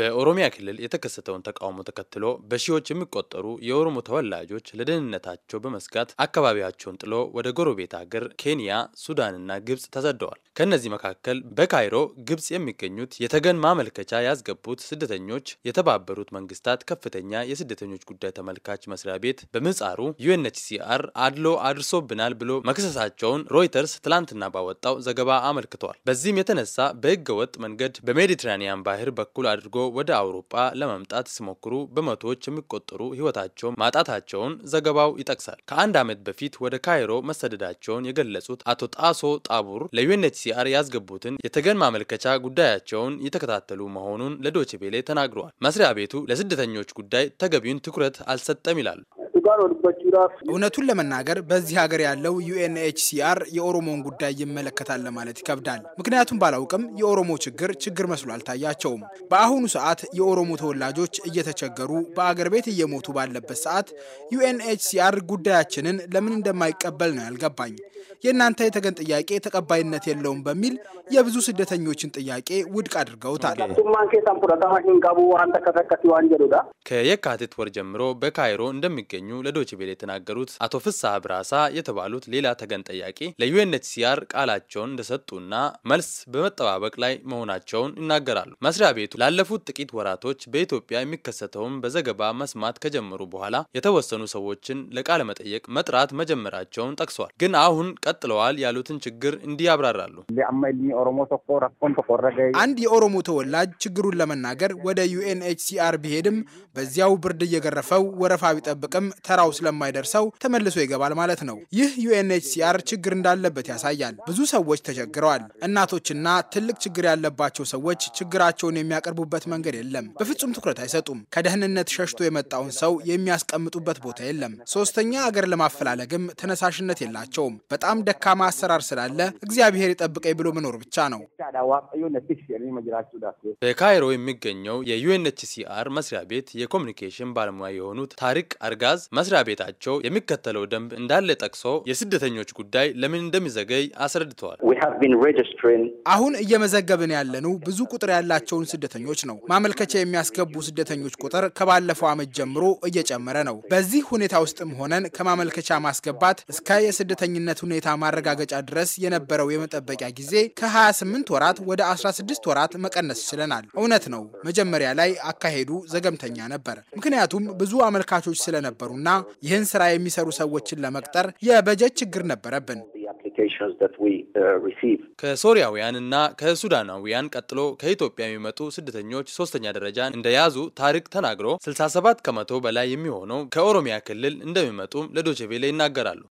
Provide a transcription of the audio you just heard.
በኦሮሚያ ክልል የተከሰተውን ተቃውሞ ተከትሎ በሺዎች የሚቆጠሩ የኦሮሞ ተወላጆች ለደህንነታቸው በመስጋት አካባቢያቸውን ጥሎ ወደ ጎረቤት ሀገር ኬንያ፣ ሱዳንና ግብጽ ተሰደዋል። ከእነዚህ መካከል በካይሮ ግብጽ የሚገኙት የተገን ማመልከቻ ያስገቡት ስደተኞች የተባበሩት መንግስታት ከፍተኛ የስደተኞች ጉዳይ ተመልካች መስሪያ ቤት በምጻሩ ዩኤንኤችሲአር አድሎ አድርሶብናል ብሎ መክሰሳቸውን ሮይተርስ ትላንትና ባወጣው ዘገባ አመልክተዋል። በዚህም የተነሳ በህገ ወጥ መንገድ በሜዲትራኒያን ባህር በኩል አድርጎ ወደ አውሮጳ ለመምጣት ሲሞክሩ በመቶዎች የሚቆጠሩ ሕይወታቸውን ማጣታቸውን ዘገባው ይጠቅሳል። ከአንድ ዓመት በፊት ወደ ካይሮ መሰደዳቸውን የገለጹት አቶ ጣሶ ጣቡር ለዩኤንኤችሲአር ያስገቡትን የተገን ማመልከቻ ጉዳያቸውን የተከታተሉ መሆኑን ለዶችቤሌ ተናግረዋል። መስሪያ ቤቱ ለስደተኞች ጉዳይ ተገቢውን ትኩረት አልሰጠም ይላሉ። ጋር ወድባችሁራፍ እውነቱን ለመናገር በዚህ ሀገር ያለው ዩኤንኤችሲአር የኦሮሞን ጉዳይ ይመለከታል ለማለት ይከብዳል። ምክንያቱም ባላውቅም የኦሮሞ ችግር ችግር መስሎ አልታያቸውም። በአሁኑ ሰዓት የኦሮሞ ተወላጆች እየተቸገሩ በአገር ቤት እየሞቱ ባለበት ሰዓት ዩኤንኤችሲአር ጉዳያችንን ለምን እንደማይቀበል ነው ያልገባኝ። የእናንተ የተገን ጥያቄ ተቀባይነት የለውም በሚል የብዙ ስደተኞችን ጥያቄ ውድቅ አድርገውታል። ከየካቲት ወር ጀምሮ በካይሮ እንደሚገኙ ለዶች ቤል የተናገሩት አቶ ፍስሐ ብራሳ የተባሉት ሌላ ተገን ጠያቂ ለዩኤንኤችሲአር ቃላቸውን እንደሰጡና መልስ በመጠባበቅ ላይ መሆናቸውን ይናገራሉ። መስሪያ ቤቱ ላለፉት ጥቂት ወራቶች በኢትዮጵያ የሚከሰተውን በዘገባ መስማት ከጀመሩ በኋላ የተወሰኑ ሰዎችን ለቃለ መጠየቅ መጥራት መጀመራቸውን ጠቅሷል። ግን አሁን ቀጥለዋል ያሉትን ችግር እንዲህ ያብራራሉ። አንድ የኦሮሞ ተወላጅ ችግሩን ለመናገር ወደ ዩኤንኤችሲአር ቢሄድም በዚያው ብርድ እየገረፈው ወረፋ ቢጠብቅም ተራው ስለማይደርሰው ተመልሶ ይገባል ማለት ነው። ይህ ዩኤንኤችሲአር ችግር እንዳለበት ያሳያል። ብዙ ሰዎች ተቸግረዋል። እናቶችና ትልቅ ችግር ያለባቸው ሰዎች ችግራቸውን የሚያቀርቡበት መንገድ የለም። በፍጹም ትኩረት አይሰጡም። ከደህንነት ሸሽቶ የመጣውን ሰው የሚያስቀምጡበት ቦታ የለም። ሶስተኛ አገር ለማፈላለግም ተነሳሽነት የላቸውም። በጣም ደካማ አሰራር ስላለ እግዚአብሔር ይጠብቀኝ ብሎ መኖር ብቻ ነው። በካይሮ የሚገኘው የዩኤንኤችሲአር መስሪያ ቤት የኮሚኒኬሽን ባለሙያ የሆኑት ታሪክ አርጋዝ መስሪያ ቤታቸው የሚከተለው ደንብ እንዳለ ጠቅሶ የስደተኞች ጉዳይ ለምን እንደሚዘገይ አስረድተዋል። አሁን እየመዘገብን ያለኑ ብዙ ቁጥር ያላቸውን ስደተኞች ነው። ማመልከቻ የሚያስገቡ ስደተኞች ቁጥር ከባለፈው ዓመት ጀምሮ እየጨመረ ነው። በዚህ ሁኔታ ውስጥም ሆነን ከማመልከቻ ማስገባት እስከ የስደተኝነት ሁኔታ ማረጋገጫ ድረስ የነበረው የመጠበቂያ ጊዜ ከ28 ወራት ወደ 16 ወራት መቀነስ ችለናል። እውነት ነው፣ መጀመሪያ ላይ አካሄዱ ዘገምተኛ ነበር፣ ምክንያቱም ብዙ አመልካቾች ስለነበሩ እና ይህን ስራ የሚሰሩ ሰዎችን ለመቅጠር የበጀት ችግር ነበረብን። ከሶሪያውያንና ከሱዳናውያን ቀጥሎ ከኢትዮጵያ የሚመጡ ስደተኞች ሶስተኛ ደረጃ እንደያዙ ታሪክ ተናግሮ 67 ከመቶ በላይ የሚሆነው ከኦሮሚያ ክልል እንደሚመጡም ለዶቼ ቬለ ይናገራሉ።